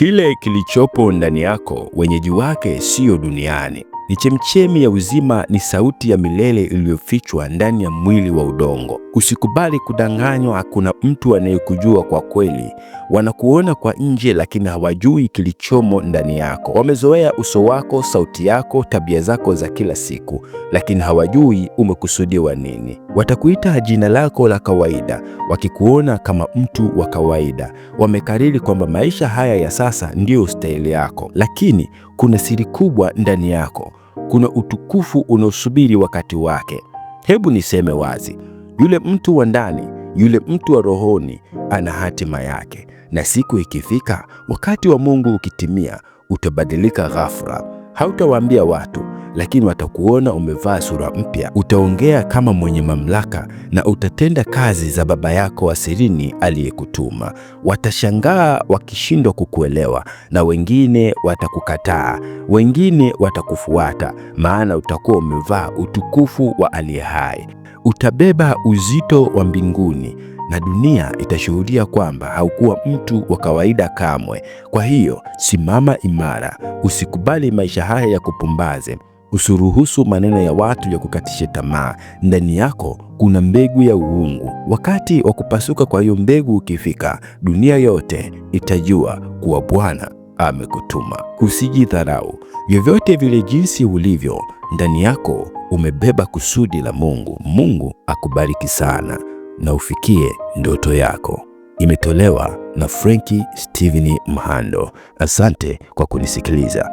Kile kilichopo ndani yako wenyeji wake sio duniani ni chemchemi ya uzima, ni sauti ya milele iliyofichwa ndani ya mwili wa udongo. Usikubali kudanganywa. Hakuna mtu anayekujua kwa kweli. Wanakuona kwa nje, lakini hawajui kilichomo ndani yako. Wamezoea uso wako, sauti yako, tabia zako za kila siku, lakini hawajui umekusudiwa nini. Watakuita jina lako la kawaida, wakikuona kama mtu wa kawaida. Wamekariri kwamba maisha haya ya sasa ndiyo stahili yako, lakini kuna siri kubwa ndani yako kuna utukufu unaosubiri wakati wake. Hebu niseme wazi, yule mtu wa ndani, yule mtu wa rohoni ana hatima yake, na siku ikifika, wakati wa Mungu ukitimia, utabadilika ghafla. Hautawaambia watu, lakini watakuona umevaa sura mpya. Utaongea kama mwenye mamlaka na utatenda kazi za Baba yako sirini aliyekutuma. Watashangaa wakishindwa kukuelewa, na wengine watakukataa, wengine watakufuata, maana utakuwa umevaa utukufu wa aliye hai utabeba uzito wa mbinguni na dunia itashuhudia kwamba haukuwa mtu wa kawaida kamwe. Kwa hiyo simama imara, usikubali maisha haya ya kupumbaze, usiruhusu maneno ya watu ya kukatisha tamaa. Ndani yako kuna mbegu ya uungu. Wakati wa kupasuka kwa hiyo mbegu ukifika, dunia yote itajua kuwa Bwana amekutuma. Usijidharau vyovyote vile jinsi ulivyo ndani yako umebeba kusudi la Mungu. Mungu akubariki sana na ufikie ndoto yako. Imetolewa na Frenki Steven Mhando. Asante kwa kunisikiliza.